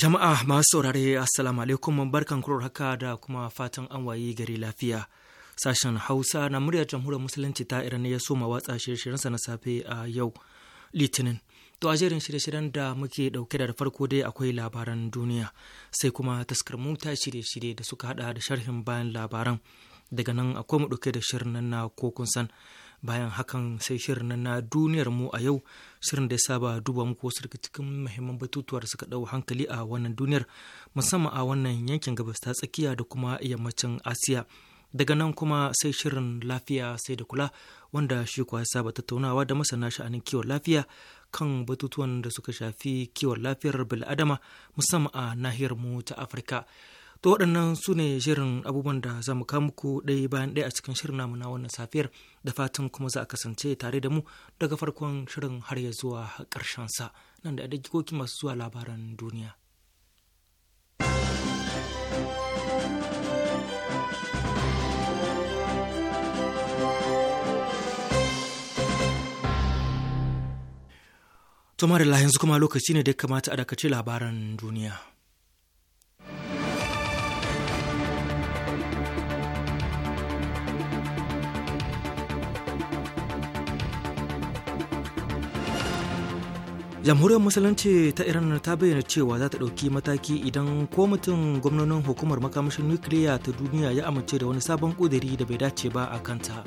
Jama'a masu saurare Assalamu alaikum barkan kurar haka da kuma fatan an wayi gari lafiya. Sashen Hausa na muryar jamhuriyar Musulunci ta Iran ya soma watsa shirye-shiryensa na safe a yau Litinin. To a jerin shirye-shiryen da muke dauke da farko dai akwai labaran duniya sai kuma taskar ta shirye-shirye da suka hada da sharhin bayan labaran daga nan akwai mu dauke da shirin nan ko kun san bayan hakan sai shirin na duniyar mu a yau shirin da ya saba duba muku wasu daga cikin muhimman batutuwa da suka dau hankali a wannan duniyar musamman a wannan yankin gabas ta tsakiya da kuma yammacin asiya daga nan kuma sai shirin lafiya sai da kula wanda shi kuwa ya saba tattaunawa da masana sha'anin kiwon lafiya kan batutuwan da suka shafi kiwon lafiyar bil'adama musamman a nahiyar mu ta afirka To waɗannan su ne shirin abubuwan da za mu kawo muku ɗaya bayan ɗaya a cikin shirin namu na wannan safiyar da fatan kuma za a kasance tare da mu daga farkon shirin har ya zuwa ƙarshen sa nan da koki masu zuwa labaran duniya. Tumar da yanzu kuma lokaci ne da ya kamata a dakaci labaran duniya. jamhuriyar musulunci ta iran ta bayyana cewa za ta ɗauki mataki idan mutum gwamnonin hukumar makamashin nukiliya ta duniya ya amince da wani sabon ƙudiri da bai dace ba a kanta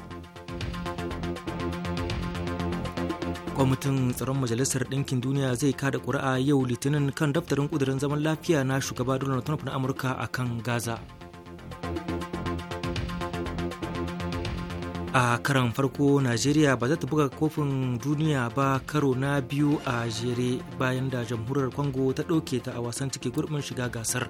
kwamitin tsaron majalisar ɗinkin duniya zai kada ƙuri'a yau litinin kan daftarin ƙudirin zaman lafiya na shugaba donald trump na amurka a kan gaza a karan farko najeriya ba za ta buga kofin duniya ba karo na biyu a jere bayan da jamhuriyar congo ta ɗauke ta a wasan ciki gurbin shiga gasar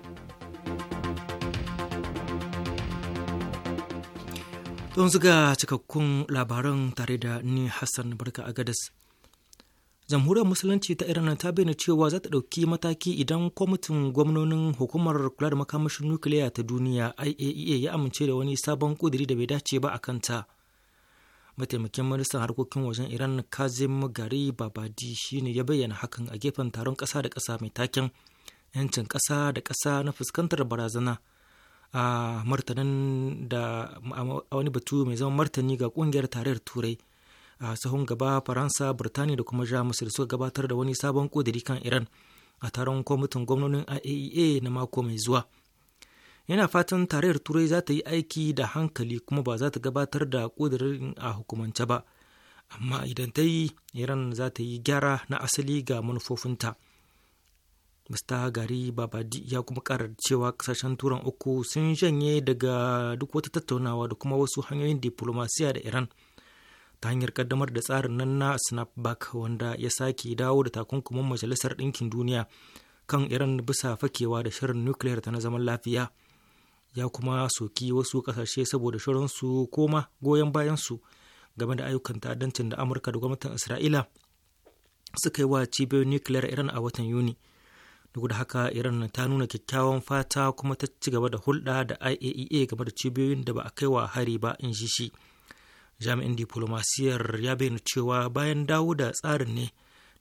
don suka cikakkun labaran tare da ni hassan barka a gadas jamhuriyar musulunci ta iran ta bayyana cewa za ta ɗauki mataki idan kwamitin gwamnonin hukumar kula da makamashin nukiliya ta duniya iaea e ya amince da wani sabon ƙudiri da bai dace ba a kanta mataimakin ministan harkokin wajen iran kazim gari babadi shine ya bayyana hakan a gefen taron kasa da kasa mai taken yancin kasa da kasa na fuskantar barazana a martanin da a wani batu mai zama martani ga ƙungiyar tarayyar turai a sahun gaba faransa birtaniya da kuma jamus da suka gabatar da wani sabon ƙudiri kan iran a taron kwamitin gwamnonin iaea e na mako mai zuwa yana fatan tarayyar turai za ta yi aiki da hankali kuma ba za ta gabatar da ƙudurin a hukumance ba amma idan ta yi iran za ta yi gyara na asali ga manufofinta mista gari babadi ya kuma ƙara cewa kasashen turan uku sun janye daga duk wata tattaunawa da kuma wasu hanyoyin diplomasiya da iran ta hanyar kaddamar da tsarin nan na snapback wanda ya sake dawo da takunkumin majalisar ɗinkin duniya kan iran bisa fakewa da shirin nukiliyar ta na zaman lafiya ya kuma soki wasu kasashe saboda shirinsu koma goyon bayansu game da ayyukan ta'addancin da amurka da gwamnatin isra'ila suka yi wa cibiyoyin nukiliyar iran a watan yuni duk da haka iran ta nuna kyakkyawan fata kuma ta ci gaba da hulɗa da iaea e game da cibiyoyin da ba a kai wa hari ba in shi shi jami'in diplomasiyar ya bayyana cewa bayan dawo da tsarin ne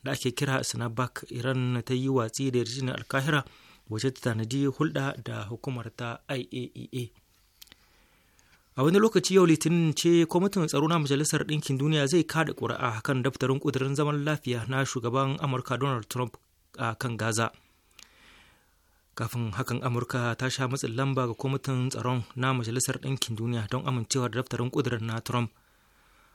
da ake kira sinabak iran ta yi watsi da yarjejeniyar alkahira waje ta tanadi hulɗa da hukumar ta iaea e a wani lokaci yau litinin ce kwamitin tsaro na majalisar ɗinkin duniya zai kada ƙuri'a kan daftarin ƙudurin zaman lafiya na shugaban amurka donald trump a kan gaza kafin hakan amurka ta sha matsin lamba ga kwamitin tsaron na majalisar ɗinkin duniya don amincewa da daftarin ƙudurin na trump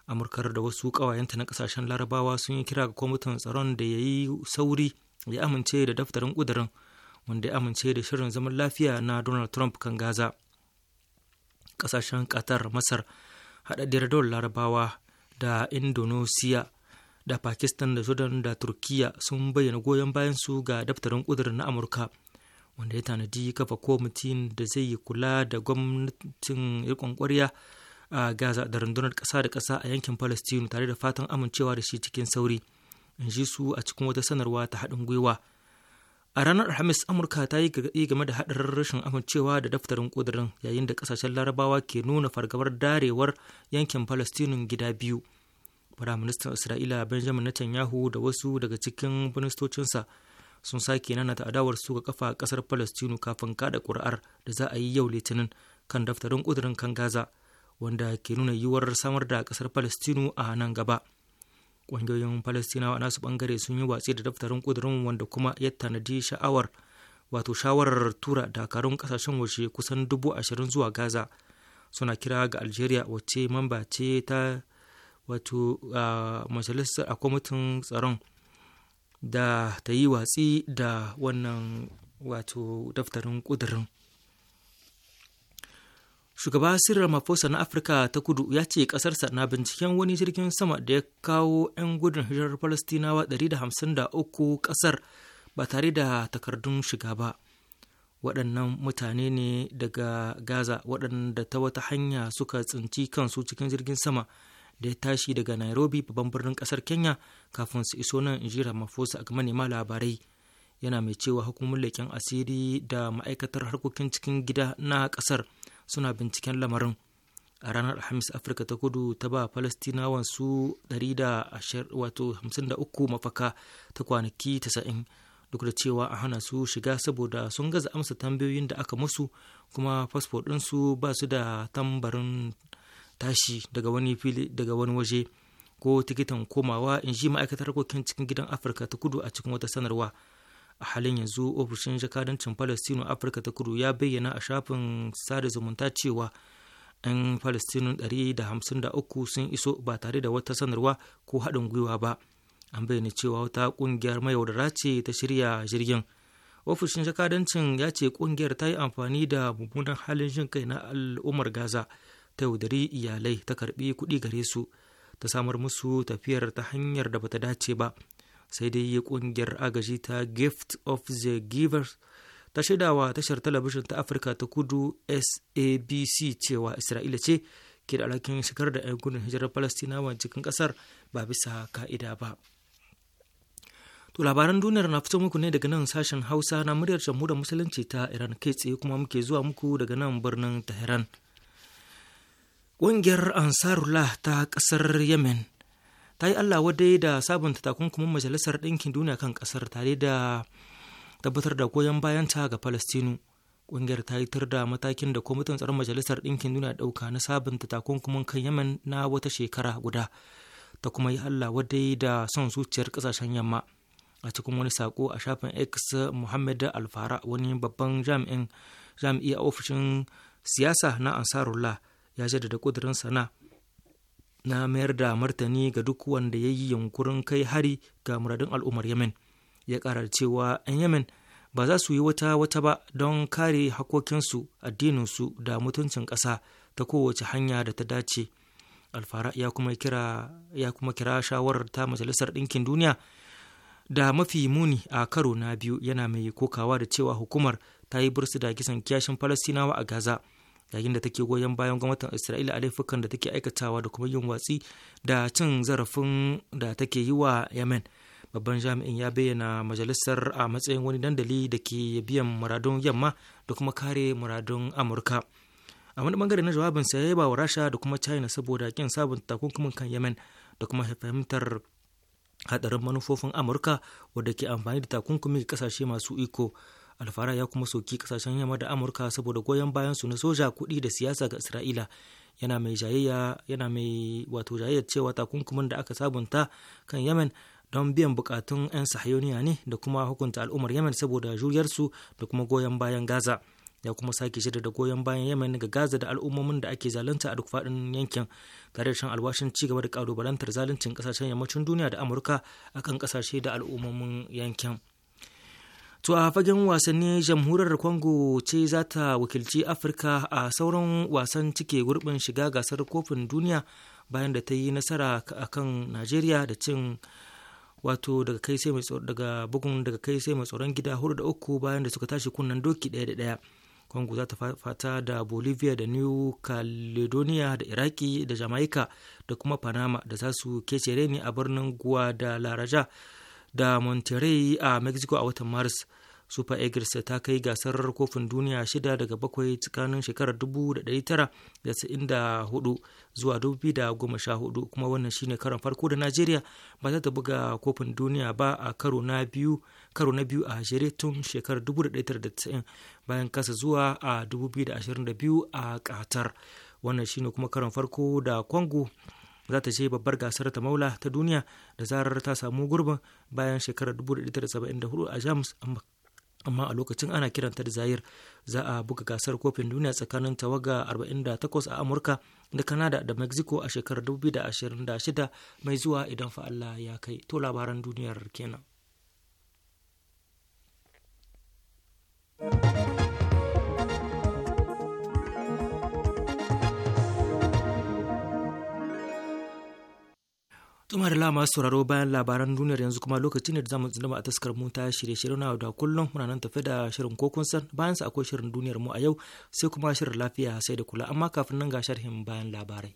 amurkar da wasu ƙawayenta na ƙasashen larabawa sun yi kira ga kwamitin tsaron da ya yi sauri ya amince da daftarin ƙudurin wanda ya amince da shirin zaman lafiya na donald trump kan gaza kasashen qatar masar haɗaɗɗiyar dawar larabawa da indonesia da pakistan da jordan da turkiya sun bayyana goyon bayan su ga daftarin ƙudurin na amurka wanda ya tanadi kafa kwamitin da zai yi kula da gwamnatin rikon ƙwarya a gaza da rundunar ƙasa da ƙasa a yankin palestine tare da fatan amincewa da shi cikin sauri in ji su a cikin wata sanarwa ta haɗin gwiwa a ranar alhamis amurka ta yi gargaɗi game da haɗarin rashin amincewa da daftarin ƙudurin yayin da ƙasashen larabawa ke nuna fargabar darewar yankin palestinun gida biyu firaministan isra'ila benjamin netanyahu da wasu daga cikin ministocinsa sun sake nanata adawarsu ga kafa ƙasar palestinu kafin kada ƙuri'ar da za a yi yau litinin kan daftarin ƙudurin kan gaza wanda ke nuna yiwuwar samar da ƙasar palestinu a nan gaba ƙungiyoyin falastinawa nasu ɓangare sun yi watsi da daftarin ƙudurin wanda kuma ya tanadi sha'awar wato shawarar tura dakarun kasashen waje kusan dubu ashirin zuwa gaza suna kira ga algeria wacce mamba ce ta wato majalisar a kwamitin tsaron da ta yi watsi da wannan wato daftarin ƙudurin Shugaba Cyril Ramaphosa na Afirka ta kudu ya ce kasarsa na binciken wani jirgin sama da ya kawo 'yan gudun hijirar Falastinawa 153 kasar ba tare da takardun shiga ba. Waɗannan mutane ne daga Gaza waɗanda ta wata hanya suka tsinci kansu cikin jirgin sama da ya tashi daga Nairobi babban birnin ƙasar Kenya kafin su iso nan in mafosa ga manema labarai. Yana mai cewa hukumar leƙen asiri da ma'aikatar harkokin cikin gida na ƙasar. suna binciken lamarin a ranar alhamis afirka ta kudu ta ba falastinawan su 153 mafaka ta kwanaki 90 duk da cewa a hana su shiga saboda sun gaza amsa tambayoyin da aka musu kuma fasfo ɗinsu ba su da tambarin tashi daga wani fili daga wani waje ko tikitan komawa in ji ma'aikatar kokin cikin gidan afirka ta kudu a cikin wata sanarwa a halin yanzu ofishin jakadancin palestino afirka ta kudu ya bayyana a shafin sada zumunta cewa 'yan palestino 153 sun iso ba tare da wata sanarwa ko haɗin gwiwa ba an bayyana cewa wata ƙungiyar mayaudara ce ta shirya jirgin ofishin jakadancin ya ce ƙungiyar ta yi amfani da mummunan halin jin kai na al'ummar gaza ta yaudari iyalai ta karbi kuɗi gare su ta samar musu tafiyar ta hanyar da bata dace ba sai dai kungiyar agaji ta gift of the givers ta shaidawa tashar talabijin ta afirka ta kudu sabc cewa isra'ila ce ke da alhakin shigar da 'yan gudun hijirar falastinawa cikin kasar ba bisa ka'ida ba to labaran duniyar na fito muku ne daga nan sashen hausa na muryar da musulunci ta iran kai tsaye kuma muke zuwa muku daga nan birnin tehran ƙungiyar ansarullah ta ƙasar yemen ta yi allah wadai da sabunta takunkumin majalisar ɗinkin duniya kan ƙasar tare da tabbatar da goyon bayanta ga falastinu ƙungiyar ta yi da matakin da kwamitin tsaron majalisar ɗinkin duniya ɗauka na sabunta takunkumin kan yemen na wata shekara guda ta kuma yi allah wadai da son zuciyar ƙasashen yamma a cikin wani sako a shafin x muhammad alfara wani babban jami'in jami'i a ofishin siyasa na ansarullah ya jaddada kudurin sana na mayar da martani ga duk wanda ya yi yunkurin kai hari ga muradin al'ummar yemen ya ƙara cewa 'yan yemen ba za su yi wata wata ba don kare hakokinsu addininsu da mutuncin ƙasa ta kowace hanya da ta dace alfara ya kuma kira ya shawarar ta majalisar ɗinkin duniya da mafi muni a karo na biyu yana mai kokawa da cewa hukumar ta yi bursu da kisan kiyashin falastinawa a gaza yayin da take goyon bayan gwamnatin isra'ila a laifukan da take aikatawa da kuma yin watsi da cin zarafin da take yi wa yemen babban jami'in ya bayyana majalisar a matsayin wani dandali da ke biyan muradun yamma da kuma kare muradun amurka a wani bangare na jawabin ya wa rasha da kuma china saboda kin sabunta takunkumin kan yemen da kuma fahimtar hadarin manufofin amurka wadda ke amfani da takunkumi ga kasashe masu iko alfara ya kuma soki kasashen yamma da amurka saboda goyon bayan su na soja kuɗi da siyasa ga isra'ila yana mai jayayya yana mai wato jayayyar cewa takunkumin da aka sabunta kan yemen don biyan bukatun 'yan sahayoniya ne da kuma hukunta al'ummar yemen saboda juriyarsu da kuma goyon bayan gaza ya kuma sake shirya da goyon bayan yemen ga gaza da al'ummomin da ake zalunta a duk faɗin yankin tare da shan alwashin ci gaba da kalubalantar zaluncin kasashen yammacin duniya da amurka akan kasashe da al'ummomin yankin To a fagen wasanni jamhuriyar Congo ce za ta wakilci Afirka a sauran wasan cike gurbin shiga gasar kofin duniya bayan da ta yi nasara a kan Najeriya da cin wato daga kai sai mai bugun daga kai sai mai tsoron gida hudu da uku bayan da suka tashi kunnen doki daya da ɗaya. Congo za ta fata da Bolivia da New Caledonia da Iraki da Jamaica da kuma Panama da za su kece reni a birnin Guadalajara da Monterrey a Mexico a watan Maris. super eagles ta kai gasar kofin duniya shida daga bakwai tsakanin shekarar 1994 zuwa 2014 kuma wannan shine karon farko da najeriya ba za ta buga kofin duniya ba a karo na biyu karo na biyu a shirye tun shekarar 1990 bayan kasa zuwa a 2022 a qatar wannan shine kuma karon farko da congo za ta je babbar gasar ta maula ta duniya da zarar ta samu gurbin bayan shekarar 1974 a jamus amma a lokacin ana kiranta da zayir za a buga gasar kofin duniya tsakanin tawaga 48 a amurka da kanada da mexico a shekarar 2026 mai zuwa idan fa Allah ya kai to labaran duniyar kenan. Tumar da masu sauraro bayan labaran duniyar yanzu kuma lokaci ne da zamu tsindama a taskar mu ta shirye-shirye na da kullum muna nan tafe da shirin kokun san bayan sa akwai shirin duniyar mu a yau sai kuma shirin lafiya sai da kula amma kafin nan ga sharhin bayan labarai.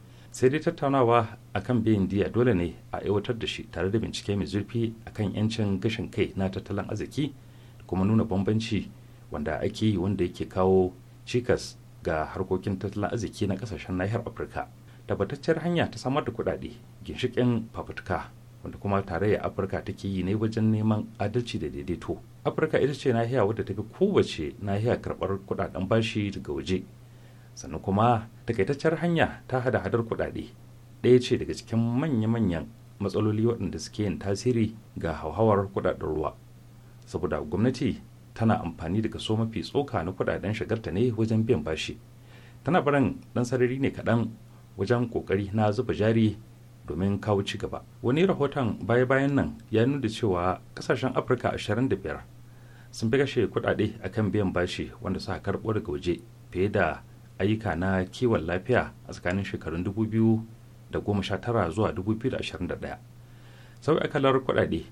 sai dai tattaunawa akan biyan diya dole ne a aiwatar da shi tare da bincike mai zurfi akan yancin gashin kai na tattalin arziki da kuma nuna bambanci wanda ake yi wanda yake kawo cikas ga harkokin tattalin arziki na kasashen nahiyar afirka tabbatacciyar hanya ta samar da kuɗaɗe ginshiƙin fafutuka wanda kuma tarayya afirka take yi ne wajen neman adalci da daidaito afirka ita ce nahiya wadda ta fi kowace nahiya karɓar kuɗaɗen bashi daga waje sannan kuma takaitaccen hanya ta hada hadar kudade ɗaya ce daga cikin manya-manyan matsaloli waɗanda suke yin tasiri ga hauhawar kuɗaɗen ruwa saboda gwamnati tana amfani da kaso mafi tsoka na kudaden shagarta ne wajen biyan bashi tana barin ɗan sarari ne kaɗan wajen ƙoƙari na zuba jari domin kawo ci gaba wani rahoton baya-bayan nan ya nuna cewa ƙasashen afirka 25 sun fi kashe kuɗaɗe akan biyan bashi wanda suka karɓo daga waje fiye da ayyuka na kiwon lafiya a tsakanin shekarun 2019 zuwa 2021 sauya kalar kuɗaɗe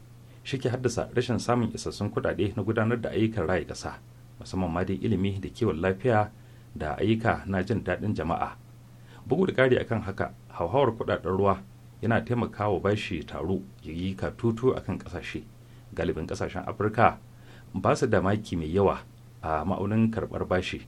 shi ke haddasa rashin samun isassun kuɗaɗe na gudanar da ayyukan raya ƙasa musamman ma dai ilimi da kiwon lafiya da ayyuka na jin daɗin jama'a bugu da ƙari akan haka hauhawar kuɗaɗen ruwa yana taimakawa bashi taro ya yi katutu akan ƙasashe galibin ƙasashen afirka ba su da maki mai yawa a ma'aunin karɓar bashi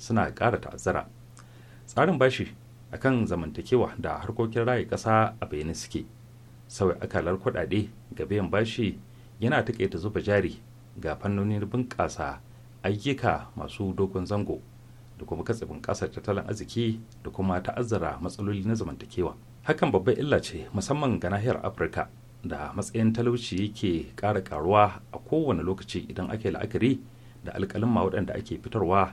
suna ƙara ta'azzara tsarin bashi a kan zamantakewa da harkokin raye ƙasa a bayyane suke sauya akalar kuɗaɗe ga biyan bashi yana taƙaita zuba jari ga fannonin bunƙasa ayyuka masu dogon zango da kuma katsibin ƙasar tattalin arziki da kuma ta'azzara matsaloli na zamantakewa hakan babbar illa ce musamman ga nahiyar afirka da matsayin talauci yake ƙara karuwa a kowane lokaci idan ake la'akari da alƙalin ma waɗanda ake fitarwa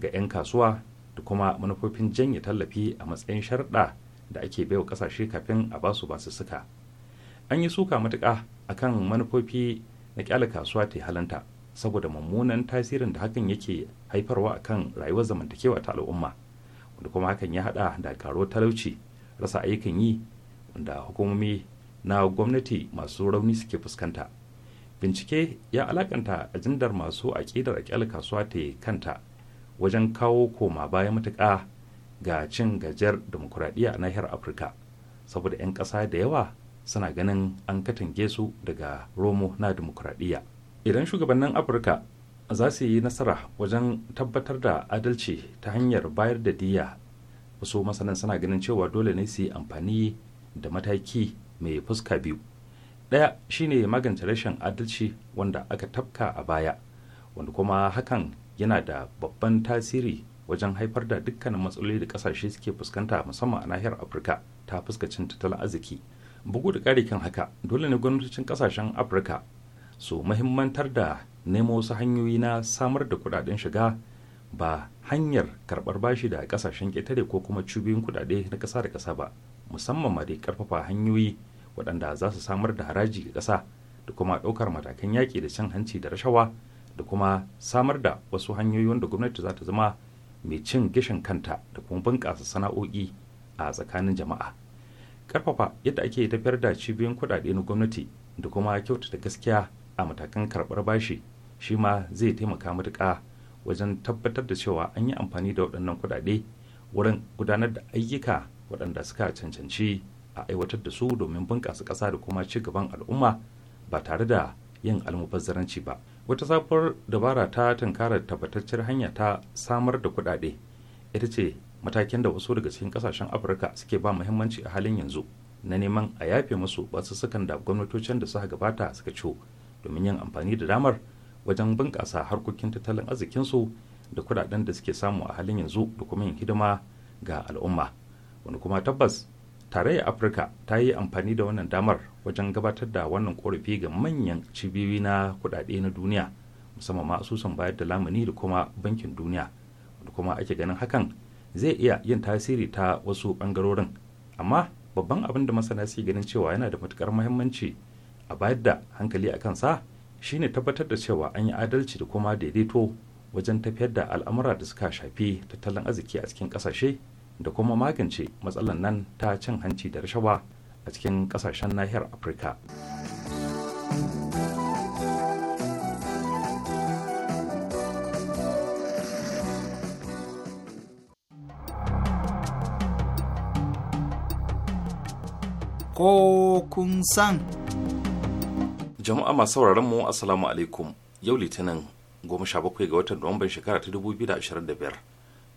ga 'yan kasuwa da kuma manufofin janye tallafi a matsayin sharɗa da ake baiwa ƙasashe kafin a basu suka an yi suka matuka a kan manufofi na kyale kasuwa ta halanta saboda mummunan tasirin da hakan yake haifarwa akan rayuwar zamantakewa ta al'umma wanda kuma hakan ya haɗa da karo talauci rasa ayyukan yi wanda hukumomi na gwamnati masu rauni suke fuskanta bincike ya alakanta ajindar masu aƙidar kyale kasuwa ta kanta wajen kawo koma baya matuƙa ga cin gajiyar demokuraɗiyya a nahiyar afirka saboda 'yan ƙasa da yawa suna ganin an katange su daga romo na demokuraɗiyya idan shugabannin afirka za su yi nasara wajen tabbatar da adalci ta hanyar bayar da diya wasu masanan suna ganin cewa dole ne su yi amfani da mataki mai fuska biyu ɗaya shine magance rashin adalci wanda aka tafka a baya wanda kuma hakan yana da babban tasiri wajen haifar da dukkanin matsaloli da kasashe suke fuskanta musamman a nahiyar afirka ta fuska fuskacin tattalin arziki bugu da ƙari kan haka dole ne gwamnatocin kasashen afirka su mahimmantar da nemo wasu hanyoyi na samar da kudaden shiga ba hanyar karɓar bashi da kasashen ƙetare ko kuma cubiyin kudade na ƙasa da ƙasa ba musamman ma dai karfafa hanyoyi waɗanda za su samar da haraji ga ƙasa da kuma ɗaukar matakan yaƙi da cin hanci da rashawa da kuma samar da wasu hanyoyi wanda gwamnati za ta zama mai cin gishin kanta da kuma bunƙasa sana'o'i a tsakanin jama'a ƙarfafa yadda ake tafiyar da cibiyoyin kuɗaɗe na gwamnati da kuma kyautata gaskiya a matakan karɓar bashi shi ma zai taimaka matuƙa wajen tabbatar da cewa an yi amfani da waɗannan kuɗaɗe wurin gudanar da ayyuka waɗanda suka cancanci a aiwatar da su domin bunƙasa ƙasa da kuma ci gaban al'umma ba tare da yin almubazzaranci ba wata sabuwar dabara ta tunkarar tabbataccen hanya ta samar da kuɗaɗe ita ce matakin da wasu daga cikin kasashen afirka suke ba muhimmanci a halin yanzu na neman a yafe musu wasu sukan da gwamnatocin da suka gabata suka ciwo domin yin amfani da damar wajen bunƙasa harkokin tattalin arzikinsu da kudaden da suke samu a halin yanzu da kuma yin hidima ga al'umma wani kuma tabbas tarayyar afirka ta yi amfani da wannan damar wajen gabatar da wannan korafi ga manyan cibiyoyi na kudade na duniya musamman ma asusun bayar da lamuni da kuma bankin duniya da kuma ake ganin hakan zai iya yin tasiri ta wasu bangarorin amma babban abin da masana suke ganin cewa yana da matukar muhimmanci a bayar da hankali a kansa shine tabbatar da cewa an yi adalci da kuma daidaito wajen tafiyar da al'amura da suka shafi tattalin arziki a cikin kasashe da kuma magance matsalan nan ta cin hanci da rashawa a cikin kasashen nahiyar afirka ko kun san jama'a masu sauraron mu assalamu alaikum yau litinin 17 ga watan nuwamban shekara ta 2025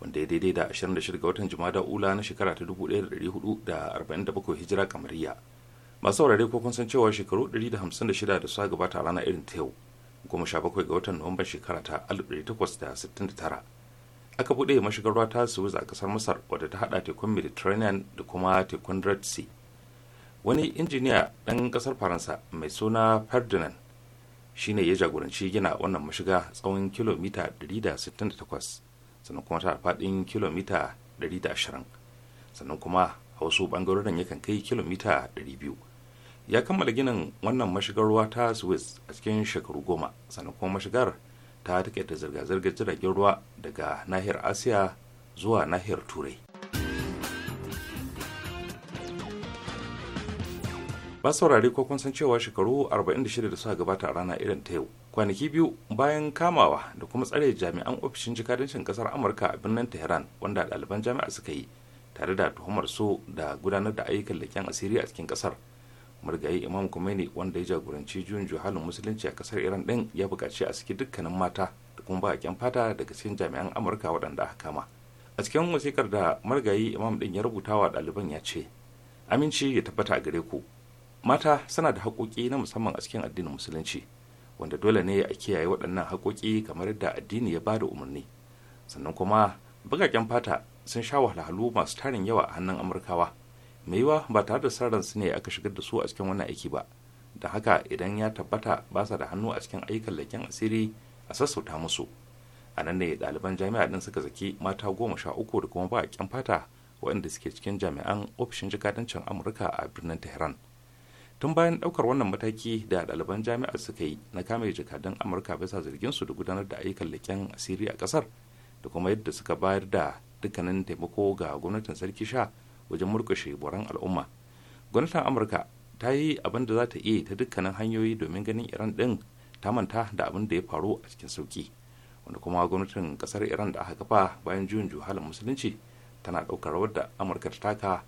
wanda ya daidai da 26 ga watan jumada ula na shekara ta 1447 hijira kamariya masu saurare ko kun san cewa shekaru 156 da suka gabata rana irin ta yau goma sha bakwai ga watan nuwamban shekara ta 1869 aka buɗe mashigar ruwa ta suwiz a kasar masar wadda ta haɗa tekun mediterranean da kuma tekun red sea wani injiniya ɗan ƙasar faransa mai suna ferdinand shine ya jagoranci gina wannan mashiga tsawon kilomita 168 sannan kuma tana faɗin kilomita 120 sannan kuma a wasu ɓangarorin yakan kai kilomita 200 ya kammala ginin wannan mashigar ruwa ta suez a cikin shekaru goma sannan kuma mashigar ta taƙaita zirga-zirgar jiragen ruwa daga nahiyar asiya zuwa nahiyar turai ba saurari ko kun san cewa shekaru 46 da suka gabata a rana irin ta yau kwanaki biyu bayan kamawa da kuma tsare jami'an ofishin jikadancin kasar amurka a birnin tehran wanda ɗaliban jami'a suka yi tare da tuhumar su da gudanar da ayyukan leƙen asiri a cikin kasar murgayi imam kumeni wanda ya jagoranci juyin juhalin musulunci a kasar iran din ya buƙaci a saki dukkanin mata da kuma baƙin fata daga cikin jami'an amurka waɗanda aka kama a cikin wasikar da margayi imam din ya rubuta wa ɗaliban ya ce aminci ya tabbata a gare ku mata suna da haƙoƙi na musamman a cikin addinin musulunci wanda dole ne a kiyaye waɗannan haƙoƙi kamar yadda addini ya bada umarni sannan kuma bugaken fata sun sha wahalhalu masu tarin yawa a hannun amurkawa mai yiwa ba tare da san su ne aka shigar da su a cikin wannan aiki ba da haka idan ya tabbata ba sa da hannu a cikin ayyukan leken asiri a sassauta musu a nan ne ɗaliban jami'a ɗin suka zaki mata goma sha uku da kuma bakaƙen fata waɗanda suke cikin jami'an ofishin jikadancin amurka a birnin tehran tun bayan daukar wannan mataki da ɗaliban jami'ar suka yi na kame jakadun amurka bisa zargin su da gudanar da ayyukan leƙen asiri a ƙasar da kuma yadda suka bayar da dukkanin taimako ga gwamnatin sarki sha wajen murkushe boran al'umma gwamnatin amurka ta yi abin da za ta iya ta dukkanin hanyoyi domin ganin iran ɗin ta manta da abin da ya faru a cikin sauki wanda kuma gwamnatin ƙasar iran da aka kafa bayan juyin juhalin musulunci tana ɗaukar rawar da amurka ta taka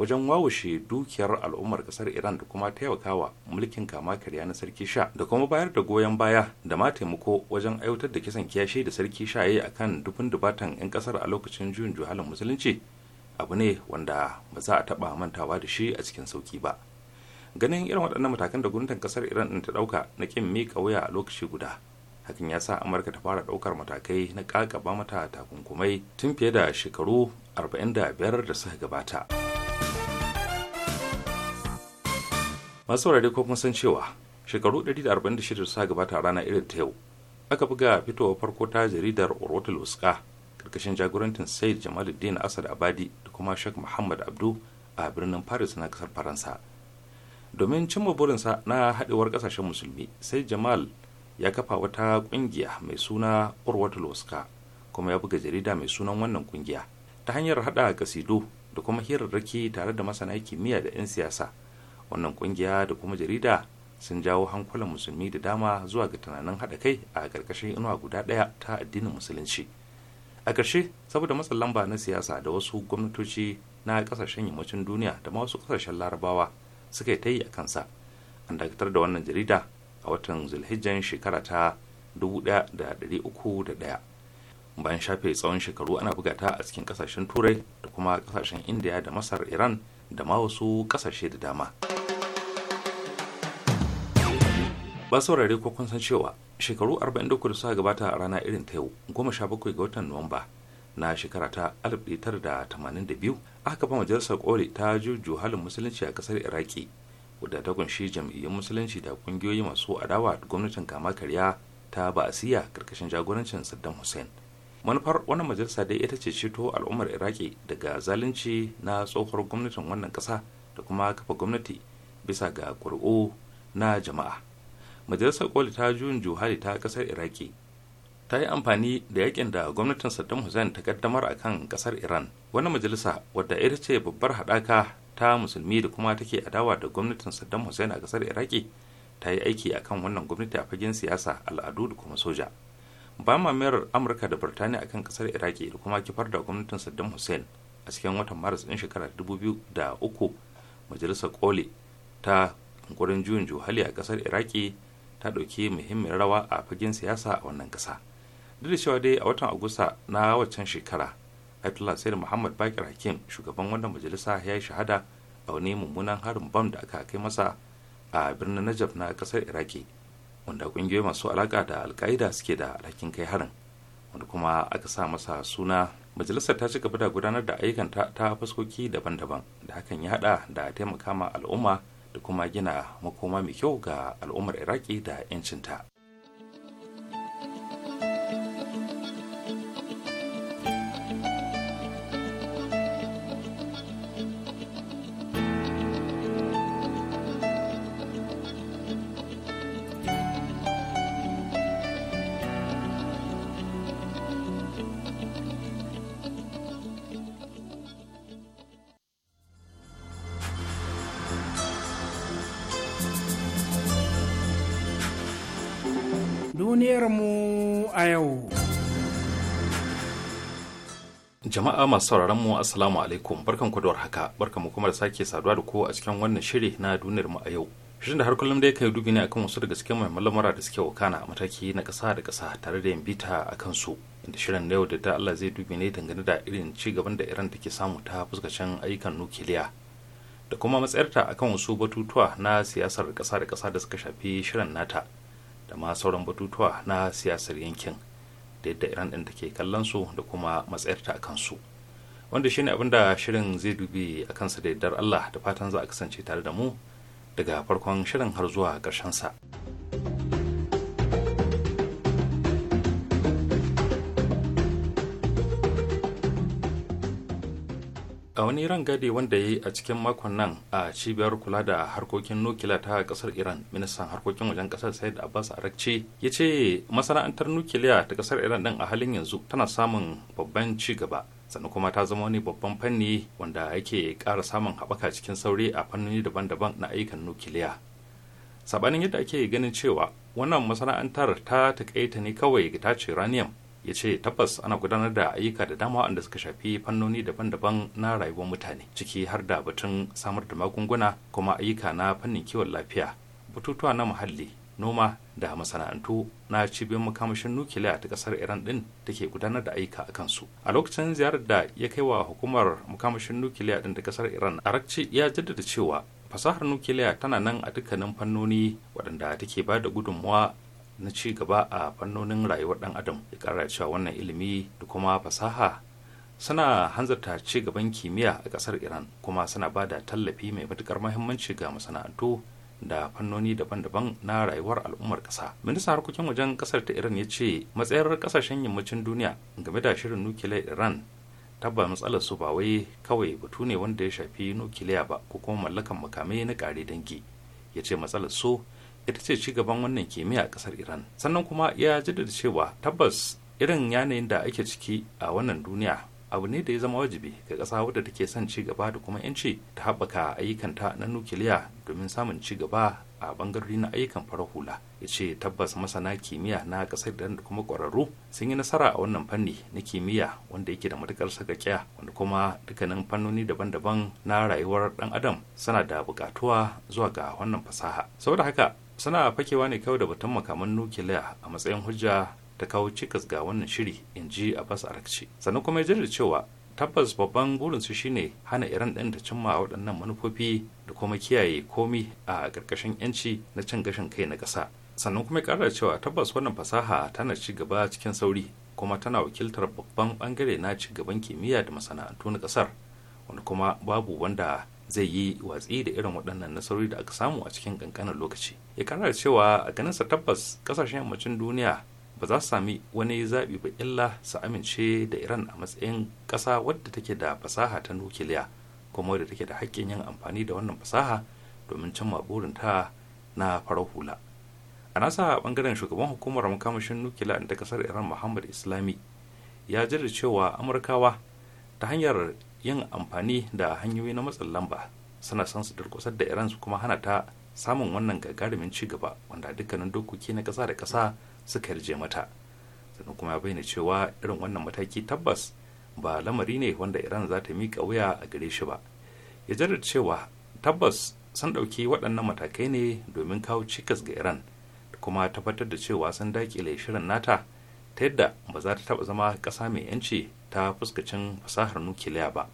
wajen wawushe dukiyar al'ummar kasar iran da kuma taimakawa mulkin kama karya na sarki sha da kuma bayar da goyon baya da ma taimako wajen aiwatar da kisan kiyashe da sarki sha ya yi akan dubin dubatan 'yan kasar a lokacin juyin juhalin musulunci abu ne wanda ba za a taba mantawa da shi a cikin sauki ba ganin irin waɗannan matakan da gwamnatin kasar iran ɗin ta ɗauka na kin miƙa wuya a lokaci guda hakan ya sa amurka ta fara ɗaukar matakai na ƙaƙaba mata takunkumai tun fiye da shekaru 45 da suka gabata. masu saurare ko kuma san cewa shekaru 146 sa gabata a rana irin ta yau aka buga fitowar farko ta jaridar orotul uska karkashin jagorantin said jamaluddin asad abadi da kuma shek muhammad abdu a birnin paris na kasar faransa domin cimma burinsa na haɗewar ƙasashen musulmi sai jamal ya kafa wata ƙungiya mai suna urwatul uska kuma ya buga jarida mai sunan wannan ƙungiya ta hanyar haɗa kasidu da kuma hirarraki tare da masana kimiyya da 'yan siyasa wannan kungiya da kuma jarida sun jawo hankulan musulmi da dama zuwa ga tunanin haɗa kai a ƙarƙashin inuwa guda ɗaya ta addinin musulunci a ƙarshe saboda matsin lamba na siyasa da wasu gwamnatoci na ƙasashen yammacin duniya da ma wasu ƙasashen larabawa suka yi ta yi a kansa an dakatar da wannan jarida a watan zulhijjan shekara ta 1301 bayan shafe tsawon shekaru ana buga ta a cikin ƙasashen turai da kuma ƙasashen indiya da masar iran da ma wasu ƙasashe da dama. ba saurare ko kun san cewa shekaru 43 da suka gabata a rana irin ta yau 17 ga watan nuwamba na shekara ta 1982 aka ba majalisar kore ta juju halin musulunci a kasar iraki wadda ta kunshi jam'iyyun musulunci da kungiyoyi masu adawa da gwamnatin kama karya ta siya karkashin jagorancin saddam hussein manufar wannan majalisa dai ita ce ceto al'ummar iraki daga zalunci na tsohuwar gwamnatin wannan kasa da kuma kafa gwamnati bisa ga ƙuri'u na jama'a majalisar koli ta juyin juhari ta kasar iraki ta yi amfani da yakin da gwamnatin saddam hussein ta kaddamar a kan kasar iran wani majalisa wadda ita ce babbar haɗaka ta musulmi da kuma take adawa da gwamnatin saddam hussein a kasar iraki ta yi aiki a kan wannan gwamnati a fagen siyasa al'adu da kuma soja ba mamayar amurka da birtaniya akan kasar iraki da kuma kifar da gwamnatin saddam hussein a cikin watan maris ɗin da 2003 majalisar koli ta gurin juyin juhali a kasar iraki ta ɗauki muhimmin rawa a fagen siyasa a wannan ƙasa duk da cewa dai a watan agusta na waccan shekara ayatollah sayyid muhammad bakir hakim shugaban wannan majalisa ya yi shahada a wani mummunan harin bam da aka kai masa a birnin najaf na ƙasar iraki wanda ƙungiyoyi masu alaƙa da alƙa'ida suke da alhakin kai harin wanda kuma aka sa masa suna majalisar ta ci gaba da gudanar da ayyukanta ta fuskoki daban-daban da hakan ya haɗa da taimaka ma al'umma da kuma gina makoma mai kyau ga al'ummar iraki da 'yancinta. Jama'a masu sauraron mu Assalamu alaikum barkan ku da warhaka barkan mu kuma da sake saduwa da ku a cikin wannan shiri na duniyar mu a yau. Shirin da har kullum dai kai dubi ne akan wasu daga cikin muhimman lamura da suke wakana a mataki na kasa da kasa tare da yin bita a kansu su. Inda shirin na yau da da Allah zai dubi ne dangane da irin ci gaban da Iran take samu ta fuskacin ayyukan nukiliya da kuma matsayarta akan wasu batutuwa na siyasar kasa da kasa da suka shafi shirin nata da ma sauran batutuwa na siyasar yankin. da yadda iran ɗin take kallon su da kuma matsayarta a kansu wanda shine abin da shirin zai dubi a kansa da yardar allah da fatan za a kasance tare da mu daga farkon shirin har zuwa karshen sa. a wani rangadi wanda ya yi a cikin makon nan a cibiyar kula da harkokin nukiliya ta kasar iran ministan harkokin wajen kasar said abbas arakci ya ce masana'antar nukiliya ta kasar iran din a halin yanzu tana samun babban ci gaba sannan kuma ta zama wani babban fanni wanda yake ƙara samun haɓaka cikin sauri a fannoni daban-daban na ayyukan nukiliya saɓanin yadda ake ganin cewa wannan masana'antar ta taƙaita ne kawai ga tace uranium ya ce tabbas ana gudanar da ayyuka da dama wanda suka shafi fannoni daban-daban na rayuwar mutane ciki har da batun samar da magunguna kuma ayyuka na fannin kiwon lafiya bututuwa na muhalli noma da masana'antu na cibiyar makamashin nukiliya ta kasar iran din da ke gudanar da ayyuka a kansu a lokacin ziyarar da ya kai wa hukumar makamashin nukiliya din ta kasar iran arakci ya jaddada cewa fasahar nukiliya tana nan a dukkanin fannoni waɗanda take ba da gudunmuwa na ci gaba a fannonin rayuwar ɗan adam ya ƙara cewa wannan ilimi da kuma fasaha suna hanzarta ci gaban kimiyya a ƙasar iran kuma suna ba da tallafi mai matuƙar mahimmanci ga masana'antu da fannoni daban-daban na rayuwar al'ummar ƙasa. Ministan harkokin wajen ƙasar ta Iran ya ce matsayar kasashen yammacin duniya game da shirin nukiliyar Iran tabba matsalar su ba wai kawai batu ne wanda ya shafi nukiliya ba ko kuma mallakan makamai na ƙare dangi. Ya ce matsalar su ita ce ci gaban wannan kimiyya a kasar iran sannan kuma ya jaddada cewa tabbas irin yanayin da ake ciki a wannan duniya abu ne da ya zama wajibi ga ƙasa wadda take son ci gaba da kuma yanci ta haɓaka ayyukanta na nukiliya domin samun ci gaba a bangarori na ayyukan farar hula ya ce tabbas masana kimiyya na ƙasar da kuma ƙwararru sun yi nasara a wannan fanni na kimiyya wanda yake da matuƙar kya wanda kuma dukkanin fannoni daban-daban na rayuwar ɗan adam suna da buƙatuwa zuwa ga wannan fasaha saboda haka suna fakewa ne kawai da batun makaman nukiliya a matsayin hujja ta kawo cikas ga wannan shiri in ji abbas arakci sannan kuma ya cewa tabbas babban burinsu shine hana iran ɗin da cimma waɗannan manufofi da kuma kiyaye komi a ƙarƙashin 'yanci na cin gashin kai na ƙasa sannan kuma ya ƙara cewa tabbas wannan fasaha tana ci gaba cikin sauri kuma tana wakiltar babban bangare na ci gaban kimiyya da masana'antu na ƙasar wanda kuma babu wanda zai yi watsi da irin waɗannan nasarori da aka samu a cikin ƙanƙanin lokaci ya da cewa a ganin sa tabbas kasashen yammacin duniya ba za su sami wani zaɓi ba illa su amince da iran a matsayin ƙasa wadda take da fasaha ta nukiliya kuma wadda take da haƙƙin yin amfani da wannan fasaha domin cimma burinta na farar hula a nasa bangaren shugaban hukumar makamashin nukiliya da ƙasar iran muhammad islami ya jirda cewa amurkawa ta hanyar yin amfani da hanyoyi na matsin lamba suna son su durkusar da iran su kuma hana ta samun wannan gagarumin ci gaba wanda dukkanin dokoki na ƙasa da ƙasa suka yarje mata sannan kuma ya bayyana cewa irin wannan mataki tabbas ba lamari ne wanda iran za ta miƙa wuya a gare shi ba ya jaddada cewa tabbas sun ɗauki waɗannan matakai ne domin kawo cikas ga iran kuma tabbatar da cewa sun daƙile shirin nata ta yadda ba za ta taɓa zama ƙasa mai yanci ta fuskacin fasahar nukiliya ba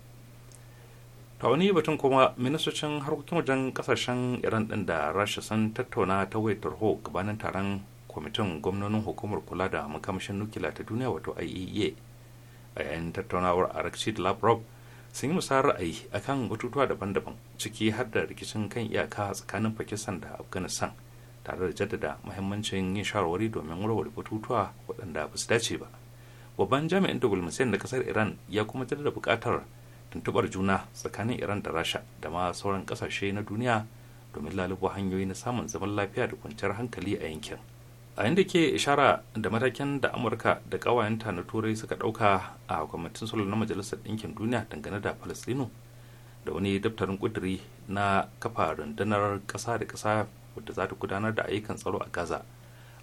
ta wani batun kuma ministocin harkokin wajen kasashen iran din da rasha sun tattauna ta wai tarho gabanin taron kwamitin gwamnonin hukumar kula da makamashin nukila ta duniya wato iaea a yayin tattaunawar arakci da labrov sun yi musayar ra'ayi akan batutuwa daban-daban ciki har da rikicin kan iyaka tsakanin pakistan da afghanistan tare da jaddada mahimmancin yin shawarwari domin warware batutuwa waɗanda ba su dace ba babban jami'in da gulmasen da kasar iran ya kuma jaddada buƙatar tuntubar juna tsakanin iran da rasha da ma sauran kasashe na duniya domin lalubo hanyoyi na samun zaman lafiya da kwanciyar hankali a yankin a yadda ke ishara da matakin da amurka da ƙawayenta na turai suka ɗauka a kwamitin sulhu na majalisar ɗinkin duniya dangane da palestino da wani daftarin ƙuduri na kafa rundunar ƙasa da ƙasa wadda za ta gudanar da ayyukan tsaro a gaza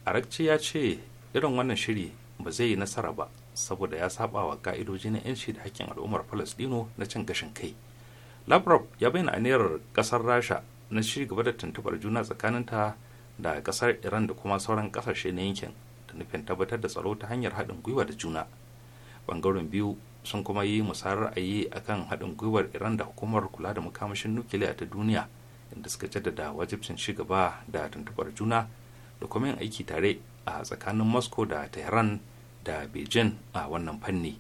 arakci ya ce irin wannan shiri ba zai yi nasara ba saboda ya saba wa ka'idoji na 'yanci da hakkin al'ummar palestino na cin gashin kai lavrov ya bayyana aniyar kasar rasha na ci gaba da tuntubar juna tsakaninta da kasar iran da kuma sauran kasashe na yankin da nufin tabbatar da tsaro ta hanyar haɗin gwiwa da juna bangaren biyu sun kuma yi musayar a kan haɗin gwiwar iran da hukumar kula da makamashin nukiliya ta duniya inda suka jaddada wajibcin ci gaba da tuntubar juna da kuma yin aiki tare a tsakanin moscow da tehran da beijing a wannan fanni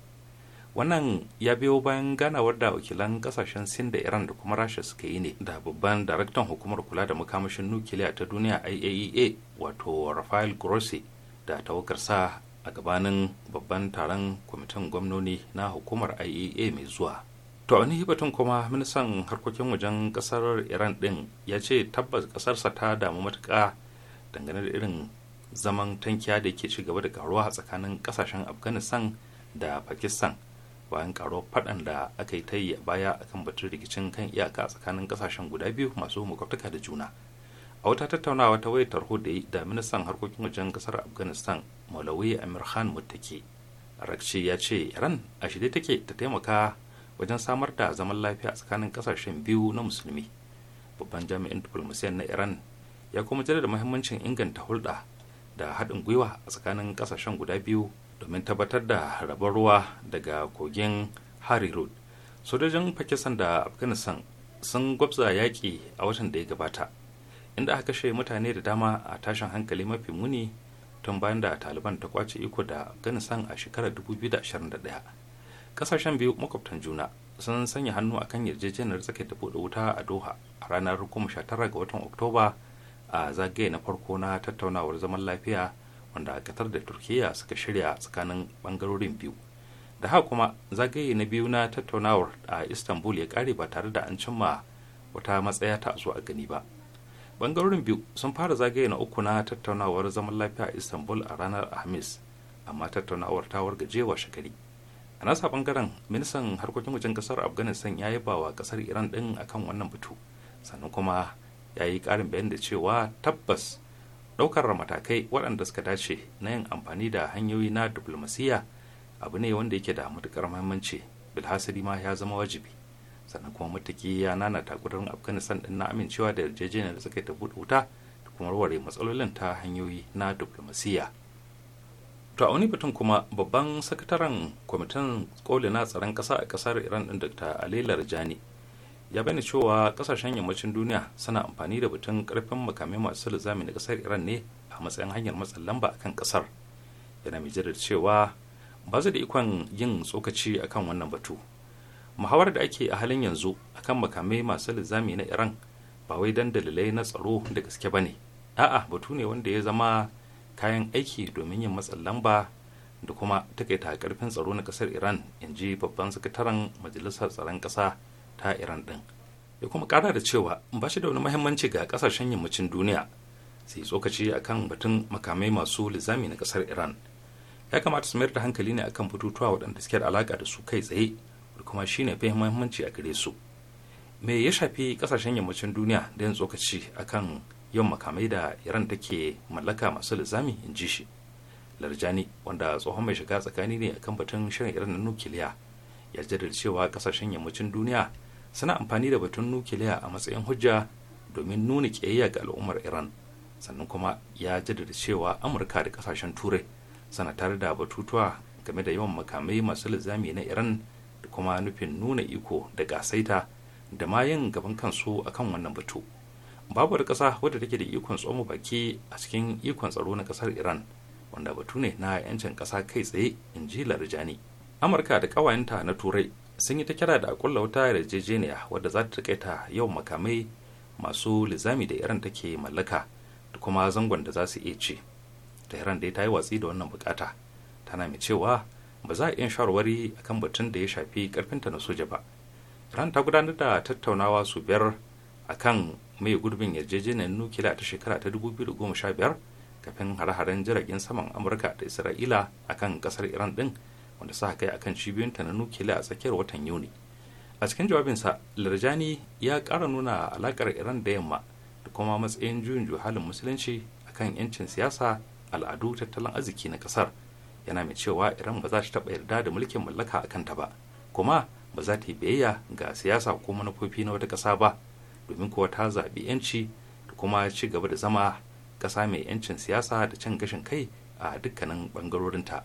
wannan ya biyo bayan ganawar da wakilan kasashen sin da iran da kuma rasha suka yi ne da babban daraktan hukumar kula da makamashin nukiliya ta duniya iaea e wato rafael grossi da tawakarsa a gabanin babban taron kwamitin gwamnoni na hukumar iaea e mai zuwa to wani batun kuma ministan harkokin wajen kasar iran din ya ce tabbas kasarsa ta damu matuka dangane da irin zaman tankiya da ke ci gaba da karuwa a tsakanin kasashen afghanistan da pakistan bayan karuwar faɗan da aka yi ta yi a baya akan batun rikicin kan iyaka a tsakanin kasashen guda biyu masu makwabtaka da juna a wata tattaunawa ta wayar tarho da da ministan harkokin wajen kasar afghanistan maulawi amir khan muttaki rakci ya ce iran a shirye take ta taimaka wajen samar da zaman lafiya a tsakanin kasashen biyu na musulmi babban jami'in diflomasiyyar na iran ya kuma jaddada muhimmancin inganta hulɗa da haɗin gwiwa a tsakanin ƙasashen guda biyu domin tabbatar da rabon ruwa daga kogin harry road sojojin pakistan da afghanistan sun gwabza yaƙi a watan da ya gabata inda aka kashe mutane da dama a tashin hankali mafi muni tun bayan da taliban ta kwace iko da afghanistan a shekarar 2021 ƙasashen biyu makwabtan juna sun sanya hannu akan yarjejeniyar tsakiyar da buɗe wuta a doha a ranar 19 ga watan oktoba a zagaye na farko na tattaunawar zaman lafiya wanda katar da turkiya suka shirya tsakanin bangarorin biyu da haka kuma zagaye na biyu na tattaunawar a istanbul ya kare ba tare da an cimma wata matsaya ta zuwa gani ba bangarorin biyu sun fara zagaye na uku na tattaunawar zaman lafiya a istanbul a ranar alhamis amma tattaunawar ta wargajewa shagari a nasa bangaren ministan harkokin wajen kasar afghanistan ya yi wa kasar iran din akan wannan batu sannan kuma ya yi ƙarin bayan da cewa tabbas ɗaukar matakai waɗanda suka dace na yin amfani da hanyoyi na diplomasiyya abu ne wanda yake da matuƙar muhimmanci bilhassari ma ya zama wajibi sannan kuma mataki ya nana takurin afghanistan din na amincewa da yarjejeniyar da suka yi ta wuta da kuma warware matsalolin ta hanyoyi na diplomasiyya to a wani batun kuma babban sakataren kwamitin koli na tsaron ƙasa a kasar iran din dr ali jani ya bayyana cewa kasashen yammacin duniya suna amfani da batun karfin makamai masu lizami na kasar iran ne a matsayin hanyar matsin lamba akan kasar yana mai jaddada cewa ba su da ikon yin tsokaci akan wannan batu muhawar da ake a halin yanzu akan makamai masu lizami na iran ba wai dan dalilai na tsaro da gaske ba ne a'a batu ne wanda ya zama kayan aiki domin yin matsin lamba da kuma takaita karfin tsaro na kasar iran in ji babban sakataren majalisar tsaron kasa ta iran ɗin ya kuma ƙara da cewa ba shi da wani mahimmanci ga ƙasashen yammacin duniya sai tsokaci akan batun makamai masu lizami na ƙasar iran ya kamata su mayar da hankali ne akan bututuwa waɗanda suke da alaƙa da su kai tsaye da kuma ne fi mahimmanci a gare su me ya shafi ƙasashen yammacin duniya da yin tsokaci akan yawan makamai da iran take mallaka masu lizami in ji shi larjani wanda tsohon mai shiga tsakani ne akan batun shirin iran na nukiliya ya jaddada cewa kasashen yammacin duniya suna amfani da batun nukiliya a matsayin hujja domin nuna ƙiyayya ga al'ummar iran sannan kuma ya jaddada cewa amurka da kasashen turai sana tare da batutuwa game da yawan makamai masu lizami na iran da kuma nufin nuna iko da gasaita da ma yin gaban kansu akan wannan batu babu da ƙasa wadda take da ikon tsoma baki a cikin ikon tsaro na ƙasar iran wanda batu ne na 'yancin ƙasa kai tsaye in ji larjani amurka da ƙawayenta na turai sun yi ta kira da akulla wata yarjejeniya wadda za ta kaita yau makamai masu lizami da iran take mallaka da kuma zangon da za su iya ci tehran dai ta yi watsi da wannan bukata tana mai cewa ba za a iya shawarwari akan batun da ya shafi karfinta na soja ba iran ta gudanar da tattaunawa su biyar akan mai gurbin yarjejeniyar nukiliya ta shekara ta 2015 kafin hare-haren jiragen saman amurka da isra'ila akan kasar iran din wanda sa kai akan ta na nukiliya a tsakiyar watan yuni a cikin jawabinsa larjani ya kara nuna alakar iran da yamma da kuma matsayin juyin juhalin musulunci akan yancin siyasa al'adu tattalin arziki na kasar yana mai cewa iran ba za ta taɓa yarda da mulkin mallaka a kanta ba kuma ba za ta yi biyayya ga siyasa ko manufofi na wata ƙasa ba domin kuwa ta zaɓi yanci da kuma ci gaba da zama ƙasa mai yancin siyasa da cin gashin kai a dukkanin ɓangarorinta.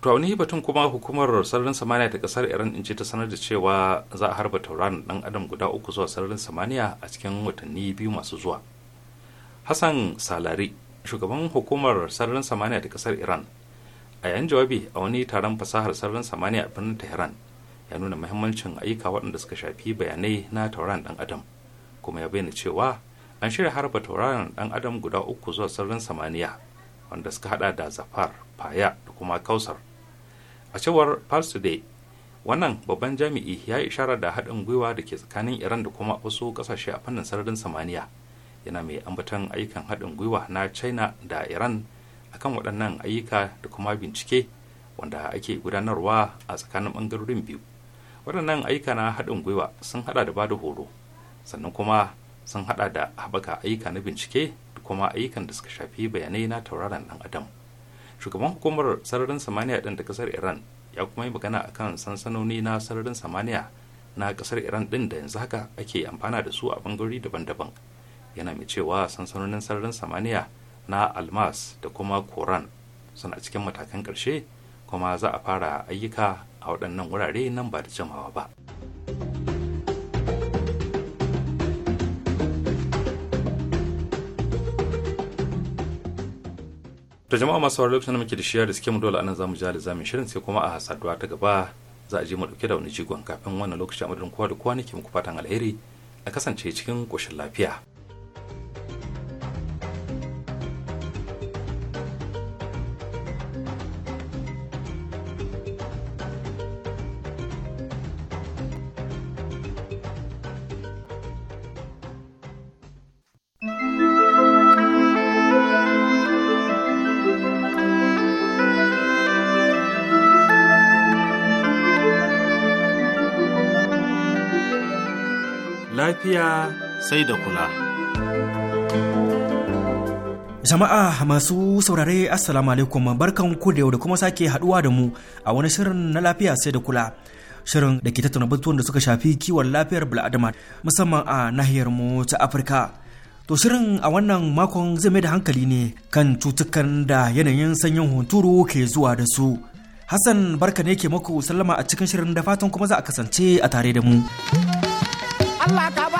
to wani batun kuma hukumar sararin samaniya ta kasar iran in ce ta sanar da cewa za a harba tauraron dan adam guda uku zuwa sararin samaniya a cikin watanni biyu masu zuwa hassan salari shugaban hukumar sararin samaniya ta kasar iran a yan jawabi a wani taron fasahar sararin samaniya a birnin tehran ya nuna muhimmancin ayyuka waɗanda suka shafi bayanai na tauraron dan adam kuma ya bayyana cewa an shirya harba tauraron dan adam guda uku zuwa sararin samaniya wanda suka hada da zafar faya da kuma kausar a cewar pars today wannan babban jami'i ya yi ishara da haɗin gwiwa da ke tsakanin iran da kuma wasu kasashe a fannin sararin samaniya yana mai ambatan ayyukan haɗin gwiwa na china da iran akan waɗannan ayyuka da kuma bincike wanda ake gudanarwa a tsakanin ɓangarorin biyu waɗannan ayyuka na haɗin gwiwa sun haɗa da bada horo sannan kuma sun haɗa da haɓaka ayyuka na bincike da kuma ayyukan da suka shafi bayanai na tauraron ɗan adam shugaban hukumar sararin samaniya din da kasar iran ya kuma yi magana akan sansanoni na sararin samaniya na kasar iran din da yanzu haka ake amfana da su a bangarori daban-daban yana mai cewa sansanonin sararin samaniya na almas da kuma koran suna cikin matakan ƙarshe kuma za a fara ayyuka a waɗannan wurare nan ba da jimawa ba. ta jama'a masu wari lokacin muke da shiyar da suke mu dole anan zamu ji alizamin shirin sai kuma a saduwa ta gaba za a je mu dauke da wani jigon kafin wannan lokacin a madadin kowa da kowa nake muku fatan alheri a kasance cikin koshin lafiya. lafiya sai da kula. Jama'a masu saurare Assalamu alaikum barkan ku da yau da kuma sake haduwa da mu a wani shirin na lafiya sai da kula. Shirin da ke tattauna batuwan da suka shafi kiwon lafiyar bil'adama musamman a nahiyar mu ta Afirka. To shirin a wannan makon zai mai da hankali ne kan cutukan da yanayin sanyin hunturu ke zuwa da su. Hassan barka ne ke muku sallama a cikin shirin da fatan kuma za a kasance a tare da mu. Allah ta ba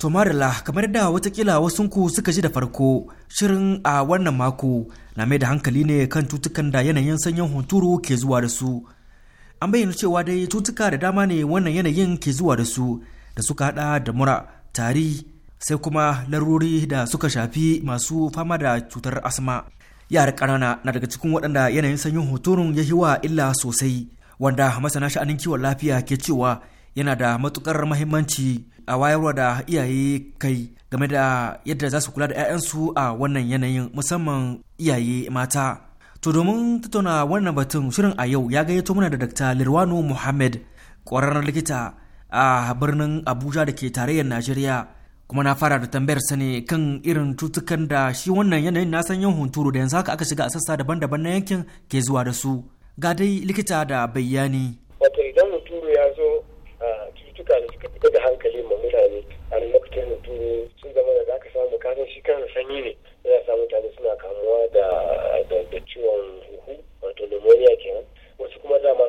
To Marila, kamar da watakila wasunku suka ji da farko, shirin a wannan mako na mai da hankali ne kan tutukan da yanayin sanyin hunturu ke zuwa da su. An bayyana cewa dai tutuka da dama ne wannan yanayin ke zuwa da su da suka hada da mura, tari, sai kuma larurori da suka shafi masu fama da cutar asma. Yara ƙanana na daga cikin waɗanda yanayin sanyin hunturun ya yi wa illa sosai, wanda masana sha'anin kiwon lafiya ke cewa yana da matukar mahimmanci a wayarwa da iyaye kai game da yadda za su kula da 'ya'yansu a wannan yanayin musamman iyaye mata to domin tattauna wannan batun shirin a yau ya gayyato mana da dr lirwano muhammad ƙwararren likita a birnin abuja da ke tarayyar najeriya kuma na fara da tambayar sani kan irin cutukan da shi wannan yanayin na san yin hunturu da yanzu haka aka shiga a sassa daban-daban na yankin ke zuwa da su ga dai likita da bayani cututtuka da suka fita da hankali ma mutane a lokacin mutum sun zama da zaka samu kasan shi kansa sanyi ne yana sa mutane suna kamuwa da ciwon huhu wato pneumonia kenan wasu kuma dama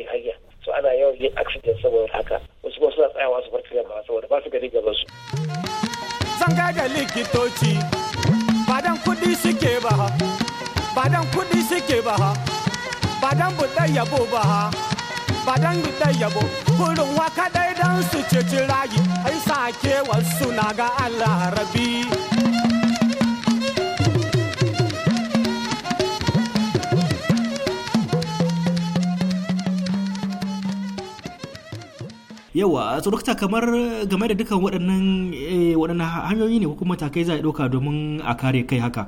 ne hanya so ana yawan yin accident saboda haka wasu kuma suna tsayawa su farka gaba saboda ba su gani gaban su. zan da likitoci ba badan kuɗi suke ba ha ba badan kuɗi suke ba ha ba dan buɗe yabo ba ha ba dan buɗe yabo kurin waka ɗai don su ceci rayu ai wasu na ga Allah rabi. yawa tsorokta kamar eh, game da dukkan waɗannan eh, hanyoyi ne ko kuma matakai za a ɗauka domin a kare kai haka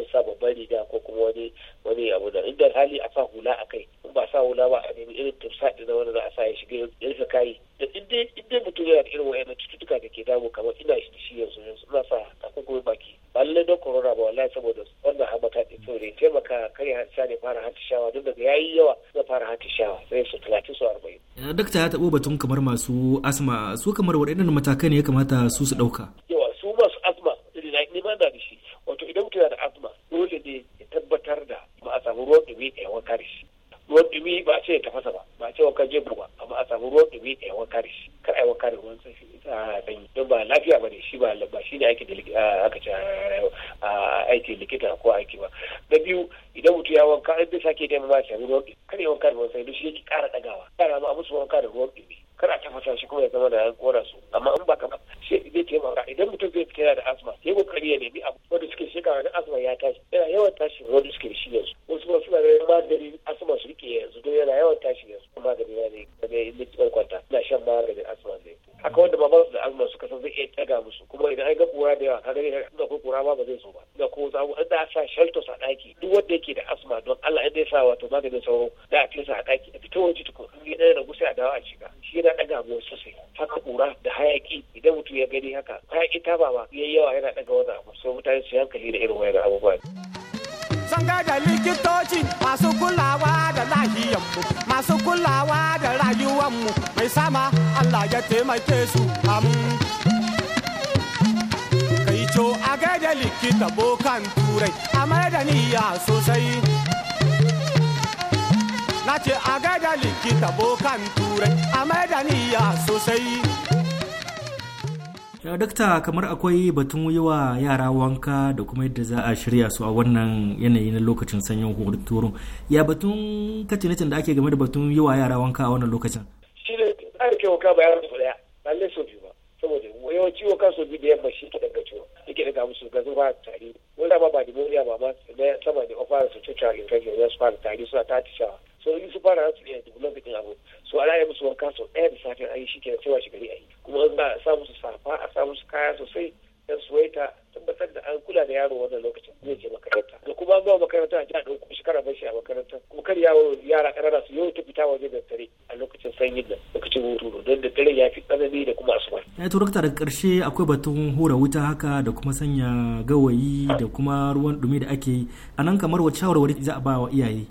ya sa babban riga ko kuma wani wani abu da inda hali a sa hula a kai in ba sa hula ba a nemi irin tufsa din na wanda za a sa ya shiga ya rufe kayi da inda mutum yana da irin wayannan cututtuka da ke damu kamar ina shi shi yanzu yanzu ina sa takunkumin baki ba lallai don corona ba wallahi saboda wannan hamata ɗin saboda ya taimaka kar ya sa ne fara shawa don daga yayi yawa zai fara shawa sai su talatin su arba'in. Eh, dakta ya taɓo batun kamar masu asma su kamar waɗannan matakai ne ya kamata su su ɗauka. ce a gaida likita bokan turai a da niyya sosai dakta kamar akwai batun yi wa yara wanka da kuma yadda za a shirya su a wannan yanayi na lokacin sanyin huturu ya batun kacinacin da ake game da batun yi wa yara wanka a wannan lokacin shi ne tsarin ke wanka ba yaran su daya lalle so biyu ba saboda yawanci kan so biyu da yamma shi ke daga ciwo yake daga musu ga zuba tari wanda ba ba dimoniya ba ma sama da ofara su cuta infection ya su fara tari suna ta atishawa so in su fara su iya dubulan da abu su a ya musu wanka sau ɗaya da safe ayi shi ke sai washe gari ayi kuma in ba a sa musu safa a sa musu kaya sosai dan suwaita tabbatar da an kula da yaro wannan lokacin zai je makaranta da kuma an ba makaranta a jihar ɗauko shi bai shi a makaranta kuma kar yawo yara ƙanana su yau ta fita waje da dare a lokacin sanyin nan lokacin hutu don da dare ya fi tsanani da kuma asuba. ya eh, turakta daga ƙarshe akwai batun hura wuta haka da kuma sanya gawayi da kuma ruwan dumi da ake yi a nan kamar wacce shawarwari za a ba wa iyaye.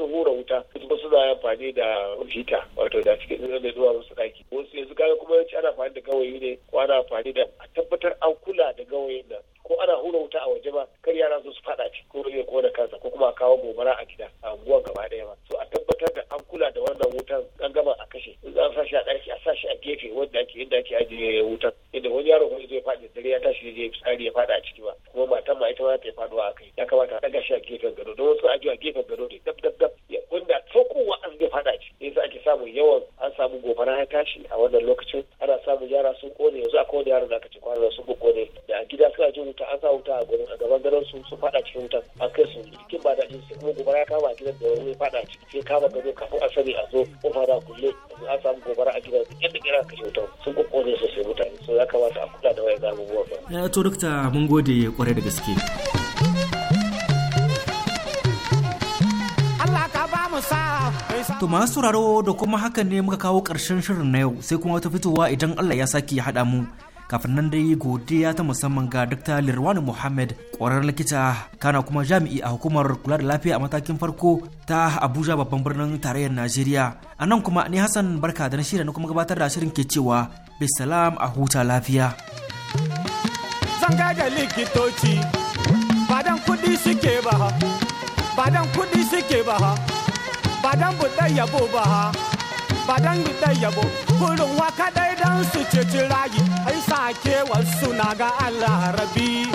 su hura wuta kuma suna amfani da hita wato da cikin da zuwa wasu ɗaki wasu yanzu kaga kuma yawanci ana amfani da gawayi ne ko ana amfani da a tabbatar an kula da gawayin nan ko ana hura wuta a waje ba kar yara su su fada ci ko ko kona kansa ko kuma a kawo gobara a gida a unguwan gaba daya ba so a tabbatar da an kula da wannan wutan an gama a kashe in za a sa shi a ɗaki a sa shi a gefe wanda ake inda ake ajiye wutan inda wani yaro kuma zai faɗi dare ya tashi zai tsari ya faɗa a ciki ba kuma matan ma ita ma ta faɗuwa a kai ya kamata a ɗaga shi a gefen gado don wasu ajiye a gefen gado ne dab dab dab wanda saukowa an zai ciki ne yasa ake samun yawan an samu gobara ya tashi a wannan lokacin ana samun yara sun kone yanzu a kowane yaro da aka ci kwanan sun kone da gida suna jin wuta an sa wuta a gurin a gaban gado sauran su fada cikin wutan a kai su cikin ba daɗin su kuma gobara ya kama a gidan da wani fada ciki sai kama gado kafin a sani a zo kofa da kulle an samu gobara a gidan yadda kira kashe wutar sun kokkone sosai mutane so ya kamata a kula da wayan abubuwan ba. Eh, to dokta mun gode kwarai da gaske. To masu sauraro da kuma hakan ne muka kawo ƙarshen shirin na yau sai kuma wata fitowa idan Allah ya sake ya haɗa mu kafin nan dai godiya ta musamman ga Dr. Lirwan Muhammad ƙwararren likita kana kuma jami'i a hukumar kula da lafiya a matakin farko ta Abuja babban birnin tarayyar Najeriya. A nan kuma ni Hassan barka da na kuma gabatar da shirin ke cewa bisalam a huta lafiya. zanga da likitoci badan kuɗi suke ba ha, kuɗi suke ba ha, buɗe yabo ba ba dan da yabo kurin waka dai dan su ceci rayi ai sake wasu na ga Allah rabi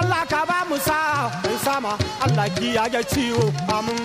Allah ka ba mu sa sama Allah ki ya ciwo amin